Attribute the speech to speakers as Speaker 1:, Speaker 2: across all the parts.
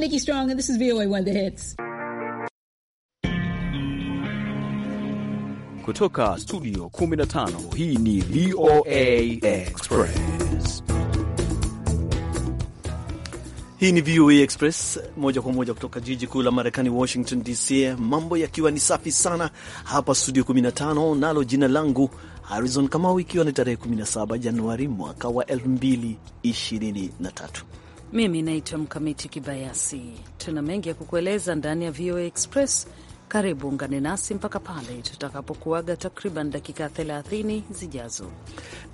Speaker 1: Nikki Strong, and this is VOA One The Hits.
Speaker 2: Kutoka studio 15, hii ni VOA Express. Hii ni VOA Express moja kwa moja kutoka jiji kuu la Marekani, Washington DC, mambo yakiwa ni safi sana hapa studio 15, nalo jina langu Harrison Kamau, ikiwa ni tarehe 17 Januari mwaka wa 2023.
Speaker 3: Mimi naitwa Mkamiti Kibayasi. Tuna mengi ya kukueleza ndani ya VOA Express. Karibu ungane nasi mpaka pale tutakapokuaga takriban dakika 30 zijazo.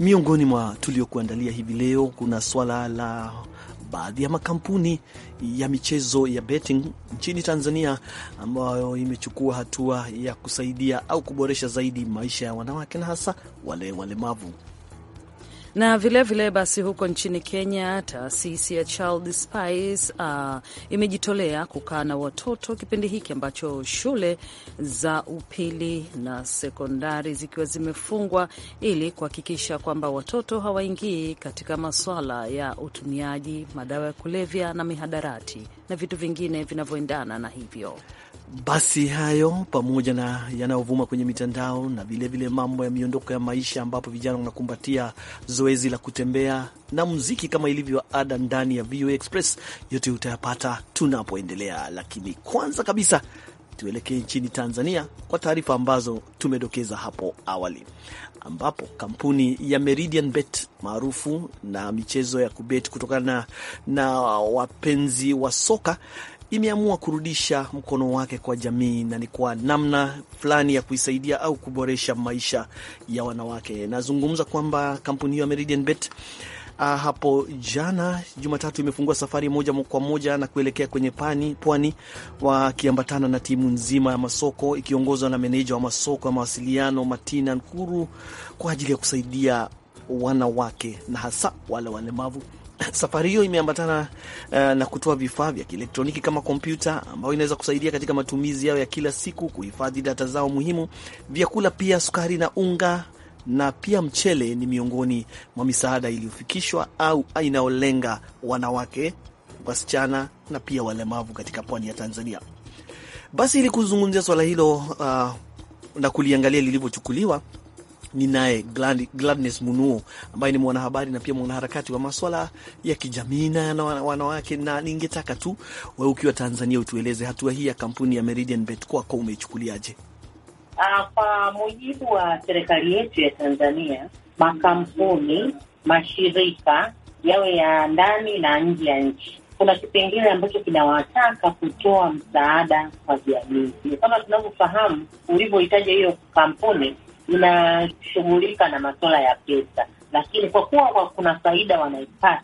Speaker 2: Miongoni mwa tuliokuandalia hivi leo, kuna swala la baadhi ya makampuni ya michezo ya betting nchini Tanzania ambayo imechukua hatua ya kusaidia au kuboresha zaidi maisha ya wanawake na hasa wale walemavu
Speaker 3: na vilevile vile basi, huko nchini Kenya, taasisi ya Child Spice uh, ah, imejitolea kukaa na watoto kipindi hiki ambacho shule za upili na sekondari zikiwa zimefungwa ili kuhakikisha kwamba watoto hawaingii katika maswala ya utumiaji madawa ya kulevya na mihadarati na vitu vingine vinavyoendana na hivyo.
Speaker 2: Basi hayo pamoja na yanayovuma kwenye mitandao na vilevile mambo ya miondoko ya maisha, ambapo vijana wanakumbatia zoezi la kutembea na muziki kama ilivyo ada ndani ya VOA Express. Yote utayapata tunapoendelea, lakini kwanza kabisa tuelekee nchini Tanzania kwa taarifa ambazo tumedokeza hapo awali, ambapo kampuni ya Meridian Bet maarufu na michezo ya kubet kutokana na, na wapenzi wa soka imeamua kurudisha mkono wake kwa jamii na ni kwa namna fulani ya kuisaidia au kuboresha maisha ya wanawake. Nazungumza kwamba kampuni hiyo ya Meridian Bet Uh, hapo jana Jumatatu imefungua safari moja kwa moja na kuelekea kwenye pani, pwani wakiambatana na timu nzima ya masoko ikiongozwa na meneja wa masoko ya mawasiliano Matina Nkuru kwa ajili ya kusaidia wanawake na hasa wale walemavu Safari hiyo imeambatana uh, na kutoa vifaa vya kielektroniki kama kompyuta ambayo inaweza kusaidia katika matumizi yao ya kila siku, kuhifadhi data zao muhimu. Vyakula pia, sukari na unga na pia mchele ni miongoni mwa misaada iliyofikishwa au inayolenga wanawake, wasichana na pia walemavu katika pwani ya Tanzania. Basi ili kuzungumzia swala hilo uh, na kuliangalia lilivyochukuliwa ninaye naye Gladness Munuo ambaye ni mwanahabari na pia mwanaharakati wa maswala ya kijamii na wanawake, na ningetaka tu wewe ukiwa Tanzania utueleze hatua hii ya kampuni ya Meridian Bet kwako umeichukuliaje?
Speaker 4: Ah, kwa mujibu wa serikali yetu ya Tanzania, makampuni, mashirika yawe ya ndani na nje ya nchi kuna kipengele ambacho kinawataka kutoa msaada kwa jamii. kama tunavyofahamu ulivyohitaja hiyo kampuni, inashughulika na masuala ya pesa, lakini kwa kuwa kuna faida wanaipata,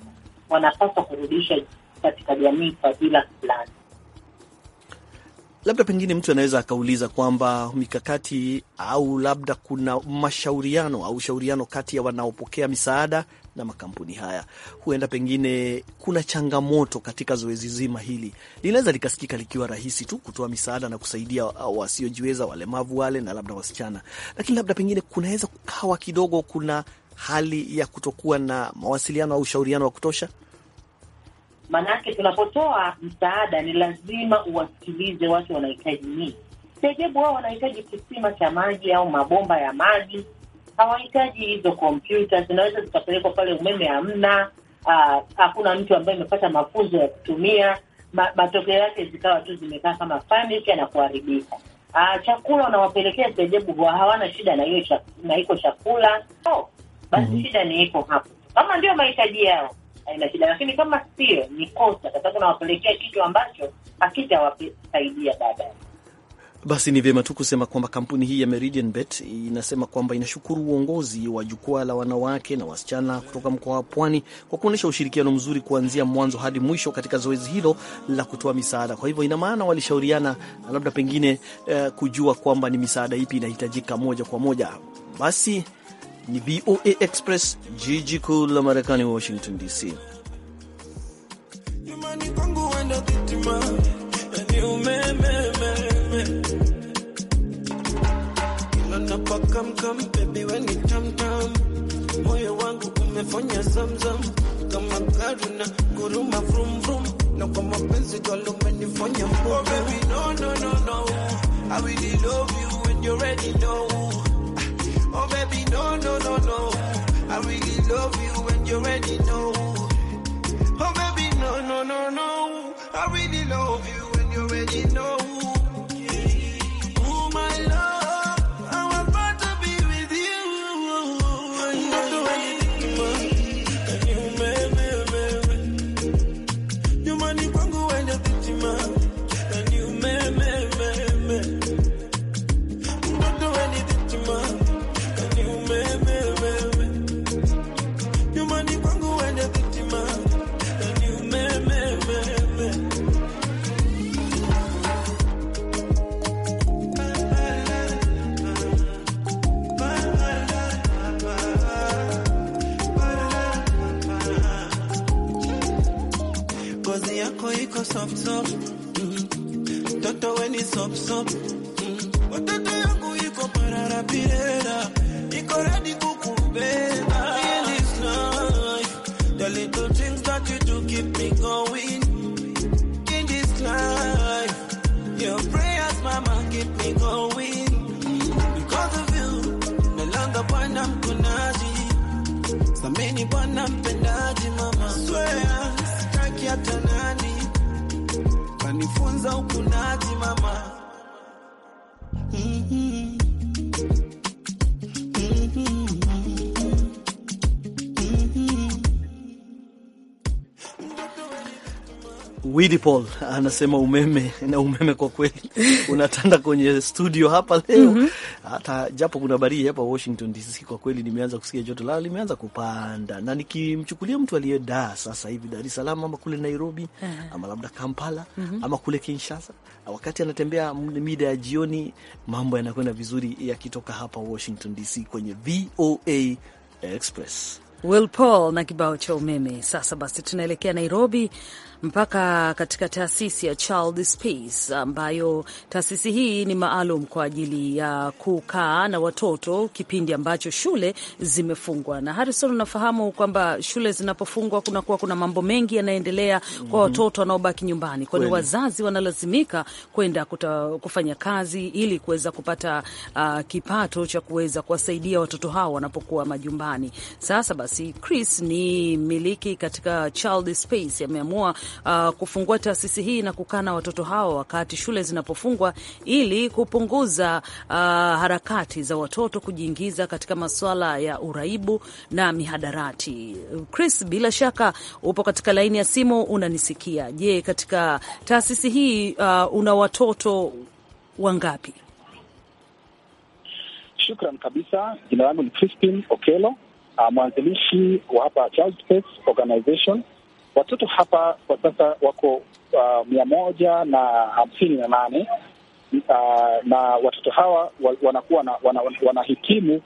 Speaker 4: wanapaswa kurudisha katika jamii kwa bila fulani.
Speaker 2: Labda pengine mtu anaweza akauliza kwamba mikakati au labda kuna mashauriano au shauriano kati ya wanaopokea misaada na makampuni haya. Huenda pengine kuna changamoto katika zoezi zima hili, linaweza likasikika likiwa rahisi tu kutoa misaada na kusaidia wasiojiweza, walemavu wale na labda wasichana, lakini labda pengine kunaweza kukawa kidogo kuna hali ya kutokuwa na mawasiliano au ushauriano wa kutosha.
Speaker 4: Maanake tunapotoa msaada ni lazima uwasikilize watu wanahitaji nini. Sejebu wao wanahitaji kisima cha maji au mabomba ya maji hawahitaji hizo kompyuta, zinaweza zikapelekwa pale. Umeme hamna, ah, hakuna mtu ambaye amepata mafunzo ya kutumia ma, matokeo yake zikawa tu zimekaa kama furniture na kuharibika. Ah, chakula unawapelekea sejebu, hawana shida na hiyo na iko chakula so, oh, basi mm -hmm. Shida ni iko hapo, kama ndio mahitaji yao haina shida, lakini kama sio ni kosa, kwa sababu unawapelekea kitu ambacho hakitawasaidia baadaye.
Speaker 2: Basi ni vyema tu kusema kwamba kampuni hii ya Meridian Bet inasema kwamba inashukuru uongozi wa jukwaa la wanawake na wasichana kutoka mkoa wa Pwani kwa kuonyesha ushirikiano mzuri kuanzia mwanzo hadi mwisho katika zoezi hilo la kutoa misaada. Kwa hivyo ina maana walishauriana labda pengine eh, kujua kwamba ni misaada ipi inahitajika moja kwa moja. Basi ni VOA Express, jiji kuu la Marekani, Washington DC.
Speaker 5: baby moyo wangu umefanya kama gari na guruma na kwa mapenzi umenifanya oh baby no no no no I really love you and you already know oh baby no no no no I really love you and you already know oh baby no no no no I really love you you know
Speaker 2: Willy Paul anasema umeme na umeme kwa kweli unatanda kwenye studio hapa leo mm hata -hmm. Japo kuna baridi hapa Washington DC, kwa kweli nimeanza kusikia joto lao limeanza kupanda, na nikimchukulia mtu aliye sasa hivi Dar es Salaam ama kule Nairobi uh eh. -huh. ama labda Kampala mm -hmm. ama kule Kinshasa, wakati anatembea mida ya jioni, mambo yanakwenda vizuri yakitoka hapa Washington DC kwenye VOA Express.
Speaker 3: Will Paul na kibao cha umeme. Sasa basi tunaelekea Nairobi mpaka katika taasisi ya Child Space, ambayo taasisi hii ni maalum kwa ajili ya kukaa na watoto kipindi ambacho shule zimefungwa. Na Harrison, unafahamu kwamba shule zinapofungwa kunakuwa kuna mambo mengi yanaendelea kwa mm -hmm. watoto wanaobaki nyumbani, kwani wazazi wanalazimika kwenda kufanya kazi ili kuweza kupata uh, kipato cha kuweza kuwasaidia watoto hao wanapokuwa majumbani. Sasa basi, Chris ni miliki katika Child Space ameamua uh, kufungua taasisi hii na kukaa na watoto hao wakati shule zinapofungwa ili kupunguza uh, harakati za watoto kujiingiza katika masuala ya uraibu na mihadarati. Chris, bila shaka upo katika laini ya simu unanisikia. Je, katika taasisi hii uh, una watoto wangapi?
Speaker 6: Shukran kabisa. Jina langu ni Crispin Okelo, uh, mwanzilishi wa hapa Child Space Organization Watoto hapa kwa sasa wako uh, mia moja na hamsini na nane uh, na watoto hawa wanakuwa na, wana, wanahitimu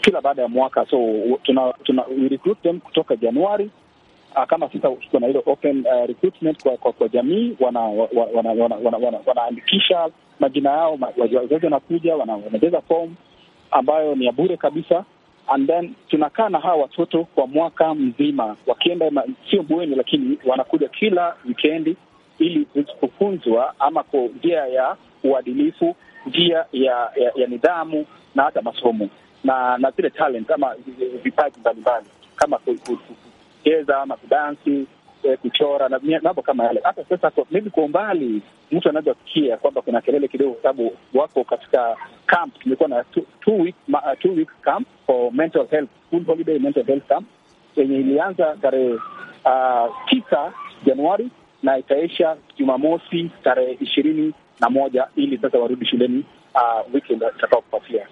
Speaker 6: kila baada ya mwaka, so tuna, tuna we recruit them kutoka Januari uh, kama sasa tuko na ile open uh, recruitment kwa, kwa, kwa jamii wanaandikisha wana, wana, wana, wana, wana majina yao, wazazi wanakuja wanajaza form ambayo ni ya bure kabisa, and then tunakaa na hawa watoto kwa mwaka mzima, wakienda sio bweni, lakini wanakuja kila wikendi ili kufunzwa ama kwa njia ya uadilifu, njia ya, ya, ya nidhamu na hata masomo na na zile talent ama vipaji mbalimbali kama kucheza ama kudansi Eh, kuchora na mambo kama yale. Hata sasa mimi kwa umbali mtu anaweza kusikia kwamba kuna kelele kidogo, kwa sababu wako katika camp. Tumekuwa na two, two week, uh, two week camp for mental health, school holiday mental health camp yenye ilianza tarehe uh, tisa Januari na itaisha Jumamosi tarehe ishirini na moja ili sasa warudi shuleni uh, weekend itakaofuatia.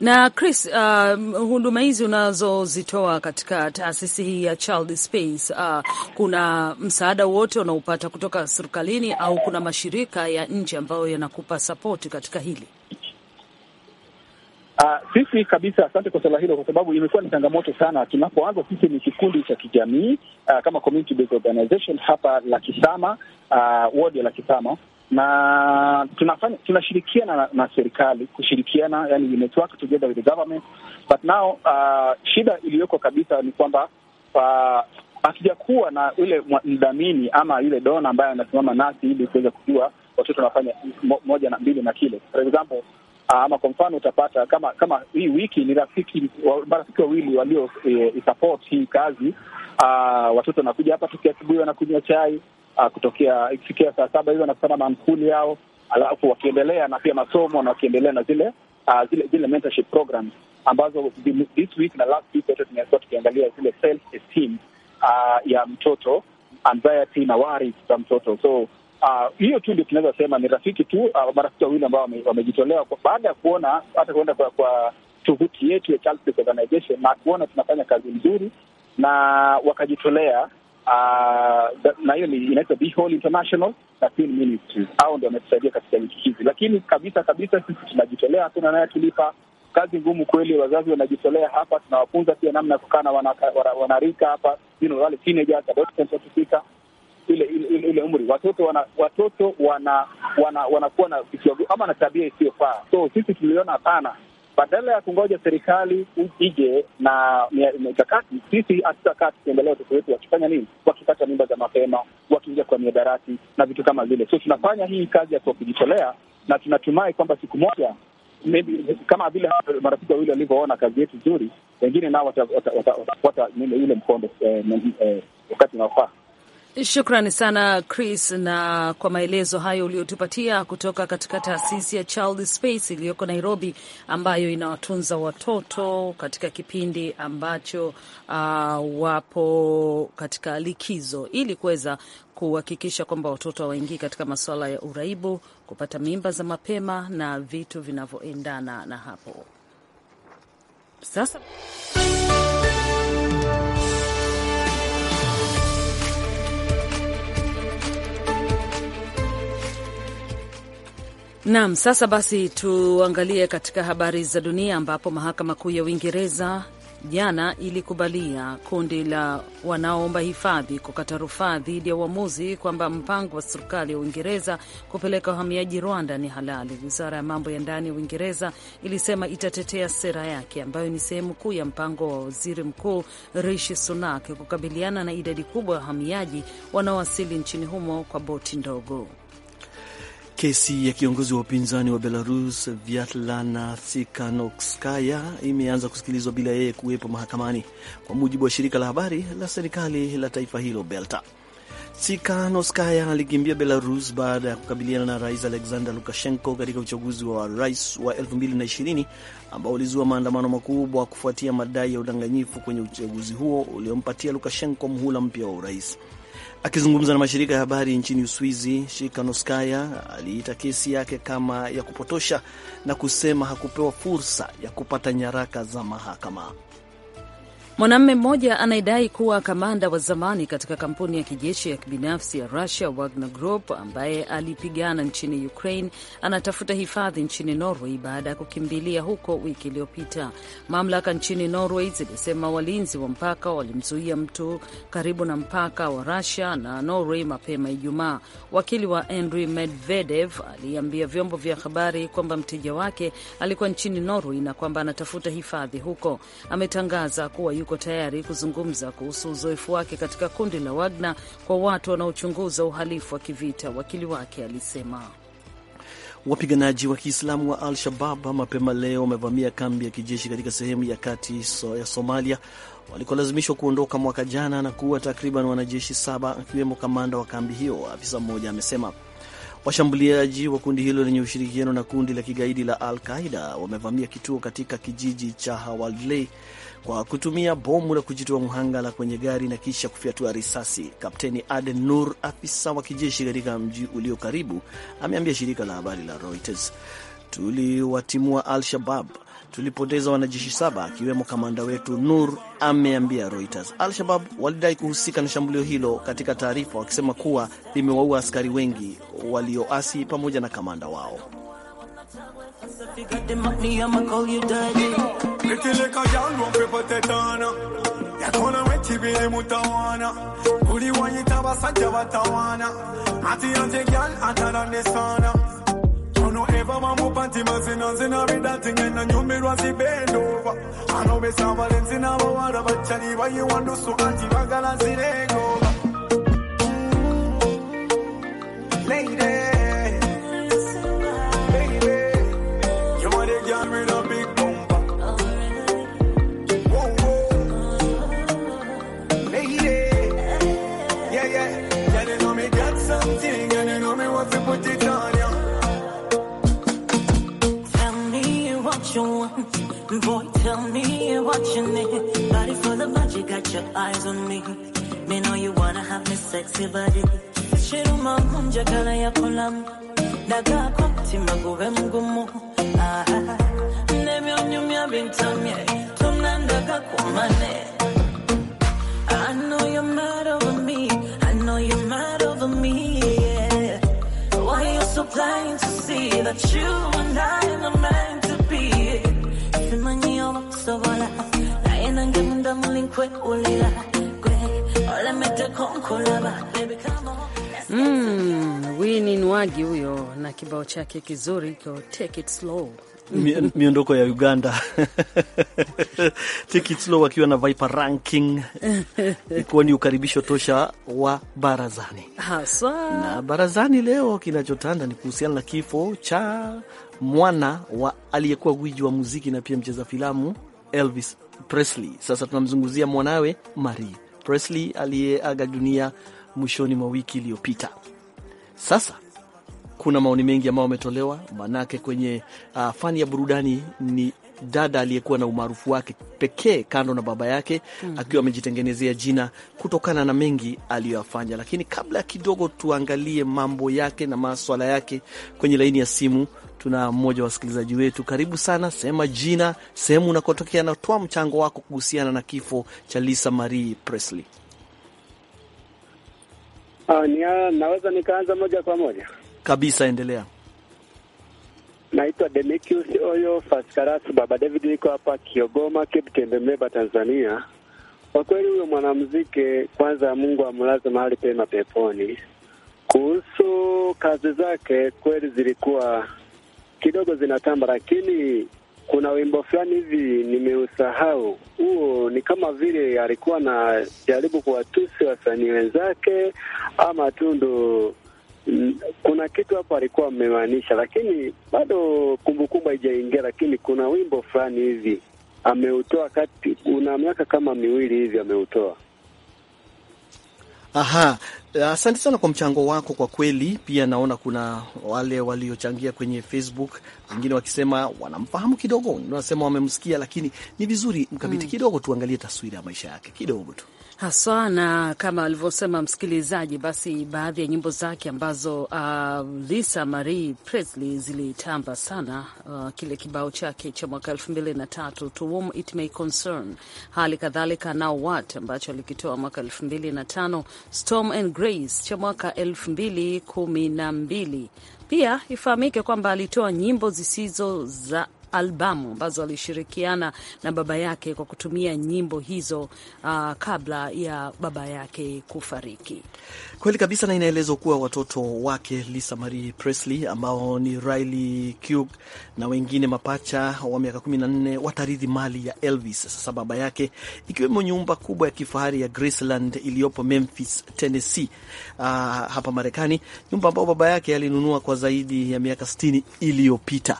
Speaker 3: Na Chris, uh, huduma hizi unazozitoa katika taasisi hii ya Child Space, uh, kuna msaada wote unaopata kutoka serikalini au kuna mashirika ya nje ambayo yanakupa sapoti katika hili?
Speaker 6: Uh, sisi kabisa, asante kwa swala hilo, kwa sababu imekuwa ni changamoto sana. Tunapoanza sisi ni kikundi cha kijamii uh, kama community based organization hapa Lakisama, uh, ah, wodi ya kisama na tunafanya tunashirikiana na, na serikali kushirikiana, yani we network together with the government but now uh, shida iliyoko kabisa ni kwamba uh, akijakuwa na ule mdhamini ama yule dona ambaye anasimama nasi ili kuweza kujua watoto wanafanya mo, moja na mbili na kile for example uh, ama kwa mfano utapata kama kama hii wiki ni rafiki marafiki wawili walio e, support hii kazi. uh, watoto wanakuja hapa tukiasubuhi, wanakunywa chai, uh, kutokea ikifikia saa saba hizo wanakutana na yao, alafu wakiendelea na pia masomo na wakiendelea na zile uh, zile zile mentorship programs ambazo this week na last week wote tumekuwa tukiangalia zile self esteem uh, ya mtoto anxiety na worries za mtoto so uh, hiyo uh, tu ndio tunaweza sema ni rafiki tu uh, marafiki wawili ambao wamejitolea baada ya kuona hata kuenda kwa, kwa tovuti yetu ya Child Organization na kuona tunafanya kazi nzuri na wakajitolea uh, na hiyo inaitwa Bihol International na Teen Ministries. Hao ndio wametusaidia katika wiki hizi, lakini kabisa kabisa sisi tunajitolea, naye anayetulipa. Kazi ngumu kweli, wazazi wanajitolea hapa, tunawafunza pia namna ya kukaa na wanarika hapa, you know, wale teenagers, adolescents wakifika ile ile ile umri watoto wana watoto wana wanakuwa wana na ama na tabia isiyofaa, so sisi tuliona hapana badala ya kungoja serikali ije na mikakati, sisi hatutakaa tukiendelea watoto wetu wakifanya nini, wakipata mimba za mapema, wakiingia kwa miadarati na vitu kama vile. So tunafanya hii kazi ya kujitolea, na tunatumai kwamba siku moja maybe kama vile marafiki wawili walivyoona kazi yetu nzuri, wengine nao watafuata ule mkondo wakati unaofaa.
Speaker 3: Shukrani sana Chris, na kwa maelezo hayo uliotupatia kutoka katika taasisi ya Child Space iliyoko Nairobi, ambayo inawatunza watoto katika kipindi ambacho uh, wapo katika likizo ili kuweza kuhakikisha kwamba watoto hawaingii katika masuala ya uraibu, kupata mimba za mapema na vitu vinavyoendana na hapo. Sasa Naam, sasa basi tuangalie katika habari za dunia ambapo mahakama kuu ya Uingereza jana ilikubalia kundi la wanaoomba hifadhi kukata rufaa dhidi ya uamuzi kwamba mpango wa serikali ya Uingereza kupeleka wahamiaji Rwanda ni halali. Wizara ya mambo ya ndani ya Uingereza ilisema itatetea sera yake ambayo ni sehemu kuu ya mpango wa waziri mkuu Rishi Sunak kukabiliana na idadi kubwa ya wahamiaji wanaowasili nchini humo kwa boti ndogo.
Speaker 2: Kesi ya kiongozi wa upinzani wa Belarus Vyatlana sikanoskaya imeanza kusikilizwa bila yeye kuwepo mahakamani, kwa mujibu wa shirika la habari la serikali la taifa hilo Belta. sikanoskaya alikimbia Belarus baada ya kukabiliana na rais Alexander Lukashenko katika uchaguzi wa rais wa 2020 ambao ulizua maandamano makubwa kufuatia madai ya udanganyifu kwenye uchaguzi huo uliompatia Lukashenko mhula mpya wa urais. Akizungumza na mashirika ya habari nchini Uswizi, Shikanoskaya aliita kesi yake kama ya kupotosha na kusema hakupewa
Speaker 3: fursa ya kupata nyaraka za mahakama. Mwanamume mmoja anayedai kuwa kamanda wa zamani katika kampuni ya kijeshi ya kibinafsi ya Russia Wagner Group, ambaye alipigana nchini Ukraine, anatafuta hifadhi nchini Norway baada ya kukimbilia huko wiki iliyopita. Mamlaka nchini Norway zilisema walinzi wa mpaka walimzuia mtu karibu na mpaka wa Russia na Norway mapema Ijumaa. Wakili wa Andriy Medvedev aliambia vyombo vya habari kwamba mteja wake alikuwa nchini Norway na kwamba anatafuta hifadhi huko. Ametangaza kuwa yuko tayari kuzungumza kuhusu uzoefu wake katika kundi la Wagner kwa watu wanaochunguza uhalifu wa kivita, wakili wake alisema.
Speaker 2: Wapiganaji wa Kiislamu wa Al-Shabab mapema leo wamevamia kambi ya kijeshi katika sehemu ya kati so ya Somalia walikolazimishwa kuondoka mwaka jana na kuua takriban wanajeshi saba akiwemo kamanda wa kambi hiyo, afisa mmoja amesema. Washambuliaji wa kundi hilo lenye ushirikiano na kundi la kigaidi la Al Qaida wamevamia kituo katika kijiji cha Hawaley kwa kutumia bomu la kujitoa mhanga la kwenye gari na kisha kufyatua risasi. Kapteni Aden Nur, afisa wa kijeshi katika mji ulio karibu, ameambia shirika la habari la Reuters, tuliwatimua Al Shabab tulipoteza wanajeshi saba akiwemo kamanda wetu Nur, ameambia Reuters. Al-Shabab walidai kuhusika na shambulio hilo katika taarifa, wakisema kuwa limewaua askari wengi walioasi pamoja na kamanda wao.
Speaker 5: no eva ever man move panty man sin on sin every that thing and on you me run bend over. I know me chali why you want to so anti man gala sin Lady Boy, tell me what you need. Body full of magic, got your eyes on me. Me know you wanna have me sexy body. Shiruma mja kala ya kulam. Daga kwati maguwe mgumu. Ah, ah, ah, ah. nemyo nyumya bintamye. Tumnandaga kumane. I know you're mad over me. I know you're mad over me. Yeah. Why you so blind to see that you and I are meant La ulila ole Baby come on
Speaker 3: Mm, Nwagi huyo na kibao chake kizuri kiko Take It Slow.
Speaker 2: miondoko ya Uganda Take It Slow wakiwa na Viper Ranking ni ukaribisho tosha wa barazani
Speaker 3: haswa. Na
Speaker 2: barazani leo kinachotanda ni kuhusiana na kifo cha mwana wa aliyekuwa gwiji wa muziki na pia mcheza filamu Elvis Presley. Sasa tunamzungumzia mwanawe Marie Presley aliyeaga dunia mwishoni mwa wiki iliyopita. Sasa kuna maoni mengi ambayo ametolewa, manake kwenye uh, fani ya burudani ni dada aliyekuwa na umaarufu wake pekee kando na baba yake mm -hmm. akiwa amejitengenezea jina kutokana na mengi aliyoyafanya. Lakini kabla kidogo tuangalie mambo yake na maswala yake kwenye laini ya simu. Tuna mmoja wa wasikilizaji wetu, karibu sana, sema jina, sehemu unakotokea, natoa mchango wako kuhusiana na kifo cha Lisa Marie Presley.
Speaker 6: Uh, naweza nikaanza moja kwa moja
Speaker 2: kabisa, endelea.
Speaker 6: Naitwa Demikius Oyo Faskaras, baba David, niko hapa Kiogoma, Cape Tembe, Mleba, Tanzania. Kwa kweli huyo mwanamuziki kwanza, Mungu amlaze mahali pema peponi. Kuhusu kazi zake, kweli zilikuwa kidogo zinatamba, lakini kuna wimbo fulani hivi nimeusahau. Huo ni kama vile alikuwa na jaribu kuwatusi wasanii wenzake, ama tu ndo mm, kuna kitu hapo alikuwa amemaanisha, lakini bado kumbukumbu haijaingia. Lakini kuna wimbo fulani hivi ameutoa kati, una miaka kama miwili hivi ameutoa.
Speaker 2: Aha, Eh, asante sana kwa mchango wako. Kwa kweli, pia naona kuna wale waliochangia kwenye Facebook, wengine wakisema wanamfahamu kidogo, wengine wanasema wamemsikia, lakini ni vizuri mkabiti mm, kidogo tuangalie taswira ya maisha yake kidogo tu
Speaker 3: haswa na kama alivyosema msikilizaji, basi baadhi ya nyimbo zake ambazo uh, Lisa Marie Presley zilitamba sana uh, kile kibao chake cha mwaka elfu mbili na tatu To Whom It May Concern, hali kadhalika Now What ambacho alikitoa mwaka elfu mbili na tano Storm and Grace cha mwaka 2012. Pia ifahamike kwamba alitoa nyimbo zisizo za albamu ambazo alishirikiana na baba yake kwa kutumia nyimbo hizo uh, kabla ya baba yake kufariki.
Speaker 2: Kweli kabisa, na inaelezwa kuwa watoto wake Lisa Marie Presley ambao ni Riley Keough na wengine mapacha wa miaka 14 watarithi mali ya Elvis, sasa baba yake, ikiwemo nyumba kubwa ya kifahari ya Graceland iliyopo Memphis, Tennessee, uh, hapa Marekani, nyumba ambayo baba yake alinunua kwa zaidi ya miaka 60 iliyopita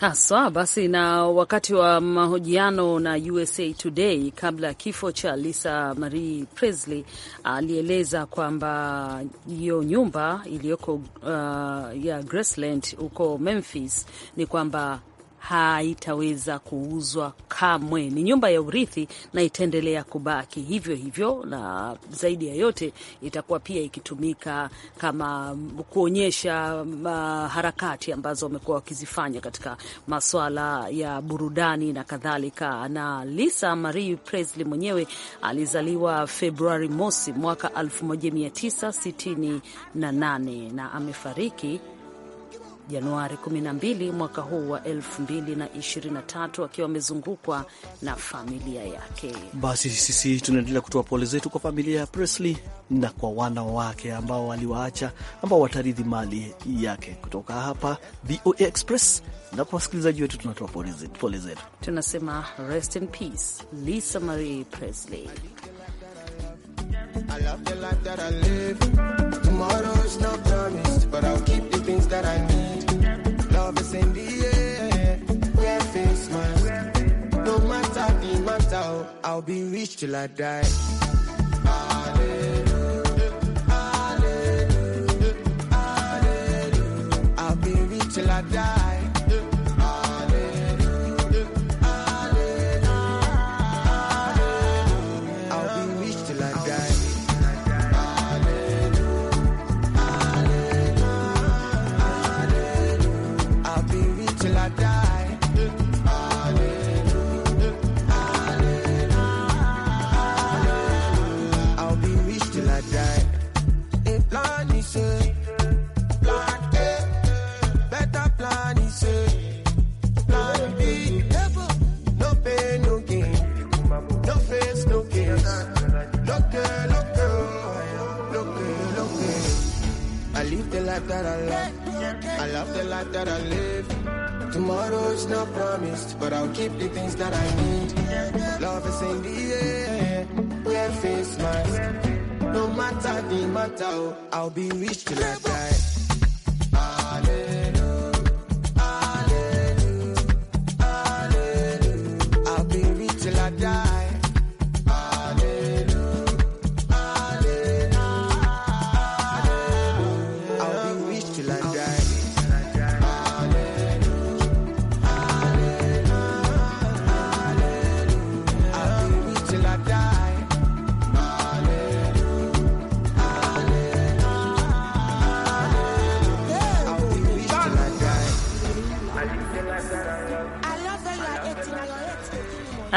Speaker 3: haswa basi. Na wakati wa mahojiano na USA Today kabla ya kifo cha Lisa Marie Presley, alieleza kwamba hiyo nyumba iliyoko uh, ya Graceland huko Memphis ni kwamba haitaweza kuuzwa kamwe. Ni nyumba ya urithi na itaendelea kubaki hivyo hivyo, na zaidi ya yote itakuwa pia ikitumika kama kuonyesha harakati ambazo wamekuwa wakizifanya katika maswala ya burudani na kadhalika. Na Lisa Marie Presley mwenyewe alizaliwa Februari mosi mwaka 1968 na amefariki Januari 12 mwaka huu wa 2023 akiwa amezungukwa na familia yake. Basi
Speaker 2: sisi tunaendelea kutoa pole zetu kwa familia ya Presley na kwa wana wake ambao waliwaacha, ambao watarithi mali yake. Kutoka hapa VOA Express na kwa wasikilizaji wetu tunatoa pole
Speaker 3: zetu, tunasema rest in peace Lisa Marie Presley.
Speaker 7: I love the life that I live. I'll be rich till I die.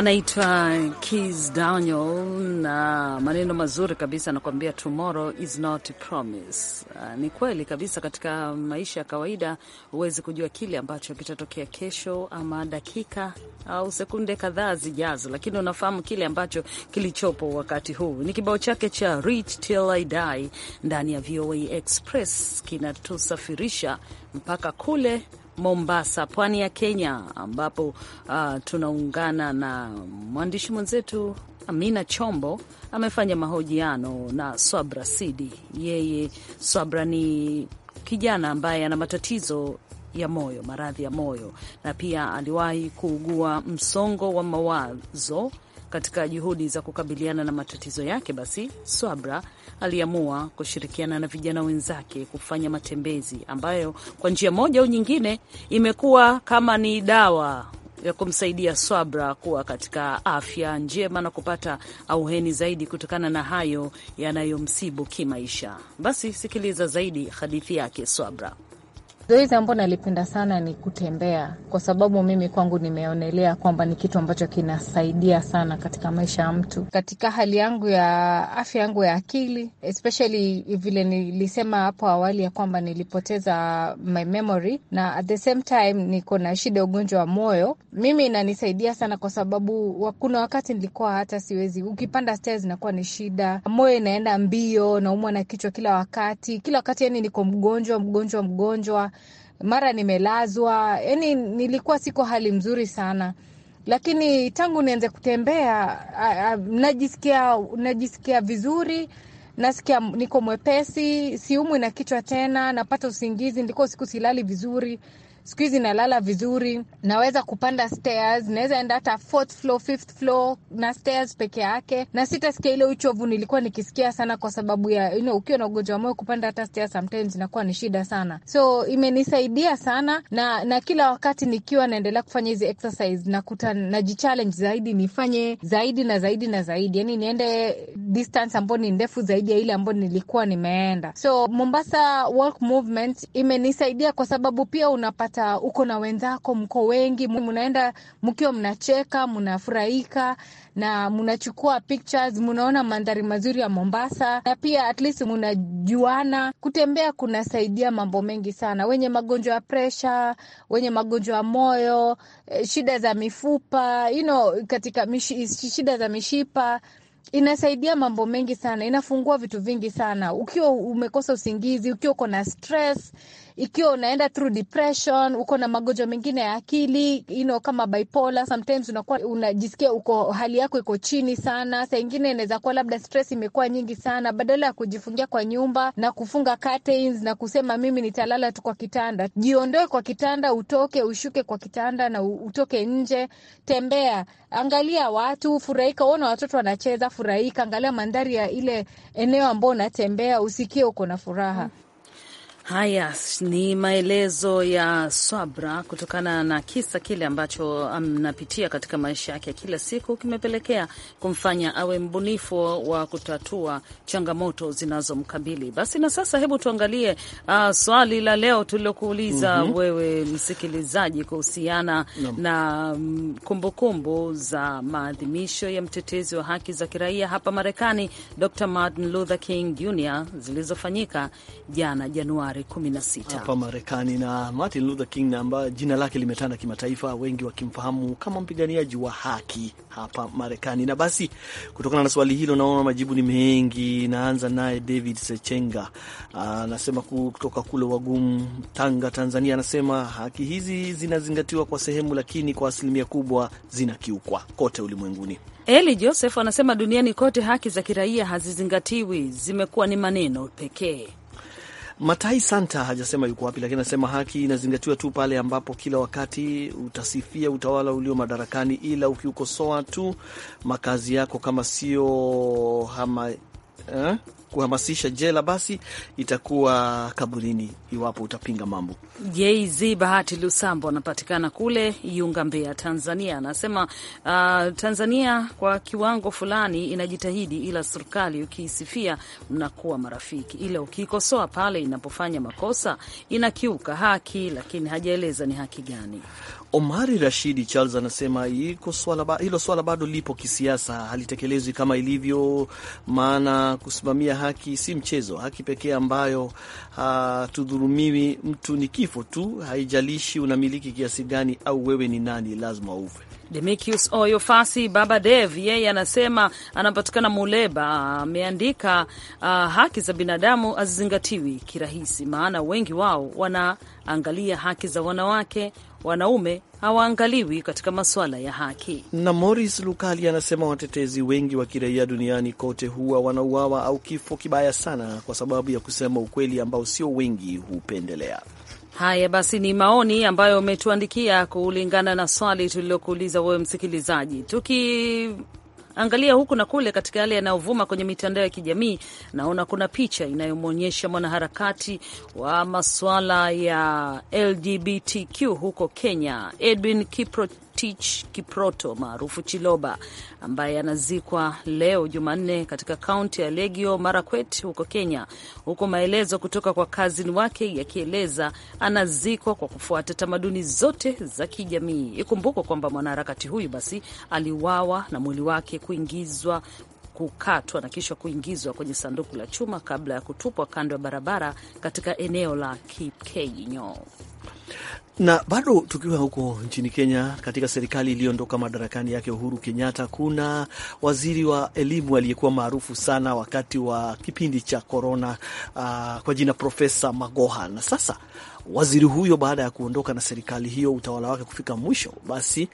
Speaker 3: anaitwa kis Daniel na maneno mazuri kabisa, anakuambia tomorrow is not promise. Ah, ni kweli kabisa, katika maisha ya kawaida huwezi kujua kile ambacho kitatokea kesho ama dakika au sekunde kadhaa zijazo, lakini unafahamu kile ambacho kilichopo wakati huu. Ni kibao chake cha Rich Till I Die ndani ya VOA Express kinatusafirisha mpaka kule Mombasa, pwani ya Kenya, ambapo uh, tunaungana na mwandishi mwenzetu Amina Chombo. Amefanya mahojiano na Swabra Sidi. Yeye Swabra ni kijana ambaye ana matatizo ya moyo, maradhi ya moyo, na pia aliwahi kuugua msongo wa mawazo katika juhudi za kukabiliana na matatizo yake, basi Swabra aliamua kushirikiana na vijana wenzake kufanya matembezi ambayo kwa njia moja au nyingine imekuwa kama ni dawa ya kumsaidia Swabra kuwa katika afya njema na kupata auheni zaidi kutokana na hayo yanayomsibu kimaisha. Basi sikiliza zaidi hadithi yake Swabra.
Speaker 1: Zoezi ambao nalipenda sana ni kutembea, kwa sababu mimi kwangu nimeonelea kwamba ni kitu ambacho kinasaidia sana katika maisha ya mtu, katika hali yangu ya afya yangu ya akili, especially vile nilisema hapo awali ya kwamba nilipoteza my memory na at the same time niko na shida ya ugonjwa wa moyo. Mimi inanisaidia sana kwa sababu kuna wakati nilikuwa hata siwezi, ukipanda stairs inakuwa ni shida, moyo inaenda mbio, naumwa na kichwa kila wakati, kila wakati yani niko mgonjwa mgonjwa mgonjwa mara nimelazwa, yani nilikuwa siko hali mzuri sana, lakini tangu nianze kutembea a, a, najisikia, najisikia vizuri nasikia niko mwepesi, siumwi na kichwa tena, napata usingizi. Nilikuwa siku silali vizuri, siku hizi nalala vizuri, naweza kupanda stairs, naweza enda hata fourth floor, fifth floor na stairs peke yake, na sitasikia ile uchovu nilikuwa nikisikia sana, kwa sababu ya you know, ukiwa na ugonjwa wa moyo kupanda hata stairs sometimes inakuwa ni shida sana, so imenisaidia sana na, na kila wakati nikiwa naendelea kufanya hizi exercise nakuta najichallenge zaidi, nifanye zaidi na zaidi na zaidi, yani niende distance ambayo ni ndefu zaidi ya ile ambayo nilikuwa nimeenda. So Mombasa Walk Movement imenisaidia kwa sababu pia unapata hata uko na wenzako, mko wengi, mnaenda mkiwa mnacheka, mnafurahika na mnachukua pictures, mnaona mandhari mazuri ya Mombasa na pia at least mnajuana. Kutembea kunasaidia mambo mengi sana, wenye magonjwa ya presha, wenye magonjwa ya moyo, eh, shida za mifupa you know, katika mishi, shida za mishipa inasaidia mambo mengi sana, inafungua vitu vingi sana. Ukiwa umekosa usingizi, ukiwa uko na stress, ikiwa unaenda through depression, uko na magonjwa mengine ya akili you know, kama bipolar, sometimes unakuwa unajisikia uko hali yako iko chini sana. Saa ingine inaweza kuwa labda stress imekuwa nyingi sana, badala ya kujifungia kwa nyumba na kufunga curtains na kusema mimi nitalala tu kwa kitanda, jiondoe kwa kitanda, utoke ushuke kwa kitanda na utoke nje, tembea, angalia watu, furahika, uona watoto wanacheza, furahika, angalia mandhari ya ile eneo ambao unatembea, usikie uko na furaha. mm. Haya
Speaker 3: ni maelezo ya Swabra kutokana na kisa kile ambacho anapitia katika maisha yake ya kila siku, kimepelekea kumfanya awe mbunifu wa kutatua changamoto zinazomkabili. Basi na sasa, hebu tuangalie uh, swali la leo tulilokuuliza mm -hmm. wewe msikilizaji kuhusiana na mm, kumbukumbu kumbu za maadhimisho ya mtetezi wa haki za kiraia hapa Marekani, Dr Martin Luther King Jr zilizofanyika jana Januari na sita hapa
Speaker 2: Marekani, na Martin Luther King ambaye jina lake limetanda kimataifa, wengi wakimfahamu kama mpiganiaji wa haki hapa Marekani. Na basi kutokana na swali hilo, naona majibu ni mengi. Naanza naye David Sechenga, ah, anasema kutoka kule Wagumu, Tanga, Tanzania. Anasema haki hizi zinazingatiwa kwa sehemu, lakini kwa asilimia kubwa zinakiukwa kote ulimwenguni.
Speaker 3: Eli Joseph anasema duniani kote haki za kiraia hazizingatiwi, zimekuwa ni maneno pekee.
Speaker 2: Matai Santa hajasema yuko wapi, lakini anasema haki inazingatiwa tu pale ambapo kila wakati utasifia utawala ulio madarakani, ila ukiukosoa tu makazi yako kama sio hama eh? kuhamasisha jela, basi itakuwa kaburini iwapo utapinga mambo.
Speaker 3: JZ Bahati Lusambo anapatikana kule Iunga, Mbeya, Tanzania, anasema uh, Tanzania kwa kiwango fulani inajitahidi, ila serikali ukiisifia mnakuwa marafiki, ila ukiikosoa pale inapofanya makosa inakiuka haki, lakini hajaeleza ni haki gani.
Speaker 2: Omari Rashidi Charles anasema hilo swala bado lipo kisiasa, halitekelezwi kama ilivyo, maana kusimamia haki si mchezo, haki pekee ambayo hatudhulumiwi ah, mtu ni kifo tu, haijalishi unamiliki kiasi gani au wewe ni nani, lazima
Speaker 3: ufe. Demikius Oyofasi Baba Dev yeye anasema, anapatikana Muleba, ameandika uh, haki za binadamu hazizingatiwi kirahisi, maana wengi wao wanaangalia haki za wanawake wanaume hawaangaliwi katika masuala ya haki.
Speaker 2: Na Moris Lukali anasema watetezi wengi wa kiraia duniani kote huwa wanauawa au kifo kibaya sana kwa sababu ya kusema ukweli ambao sio wengi hupendelea.
Speaker 3: Haya basi, ni maoni ambayo umetuandikia kulingana na swali tulilokuuliza wewe msikilizaji, tuki Angalia huku na kule katika yale yanayovuma kwenye mitandao ya kijamii, naona kuna picha inayomwonyesha mwanaharakati wa masuala ya LGBTQ huko Kenya, Edwin Tich Kiproto maarufu Chiloba, ambaye anazikwa leo Jumanne katika kaunti ya Legio Marakwet huko Kenya, huku maelezo kutoka kwa kazini wake yakieleza anazikwa kwa kufuata tamaduni zote za kijamii. ikumbukwa kwamba mwanaharakati huyu basi aliuawa na mwili wake kuingizwa kukatwa na kisha kuingizwa kwenye sanduku la chuma kabla ya kutupwa kando ya barabara katika eneo la Kipkeinyo.
Speaker 2: Na bado tukiwa huko nchini Kenya, katika serikali iliyoondoka madarakani yake Uhuru Kenyatta, kuna waziri wa elimu aliyekuwa maarufu sana wakati wa kipindi cha korona, uh, ah, kwa jina Profesa Magoha, na sasa Waziri huyo baada ya kuondoka na serikali hiyo utawala wake kufika mwisho, basi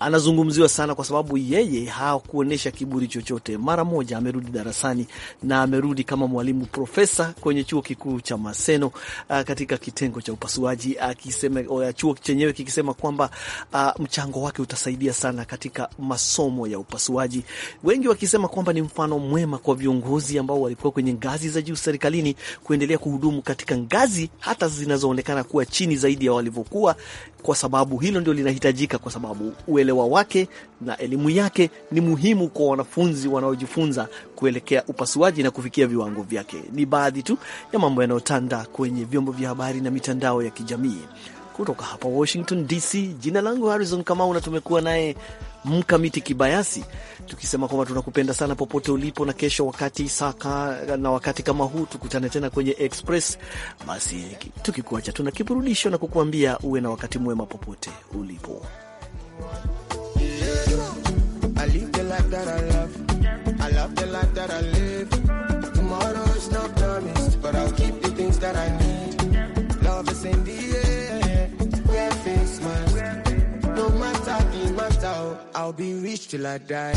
Speaker 2: anazungumziwa sana kwa sababu yeye hakuonyesha kiburi chochote. Mara moja amerudi darasani na amerudi kama mwalimu profesa kwenye chuo kikuu cha Maseno uh, katika kitengo cha upasuaji, akisema uh, chuo chenyewe kikisema kwamba a, uh, mchango wake utasaidia sana katika masomo ya upasuaji, wengi wakisema kwamba ni mfano mwema kwa viongozi ambao walikuwa kwenye ngazi za juu serikalini kuendelea kuhudumu katika ngazi hata zinazoonekana wanaonekana kuwa chini zaidi ya walivyokuwa, kwa sababu hilo ndio linahitajika, kwa sababu uelewa wake na elimu yake ni muhimu kwa wanafunzi wanaojifunza kuelekea upasuaji na kufikia viwango vyake. Ni baadhi tu ya mambo yanayotanda kwenye vyombo vya habari na mitandao ya kijamii. Kutoka hapa Washington DC, jina langu Harrison Kamau na tumekuwa naye Mkamiti Kibayasi tukisema kwamba tunakupenda sana popote ulipo, na kesho wakati saka na wakati kama huu tukutane tena kwenye Express. Basi tukikuacha tuna kiburudisho na kukuambia uwe na wakati mwema popote ulipo.
Speaker 7: I live the life that I love. I love the life that I live. I'll be rich till I die.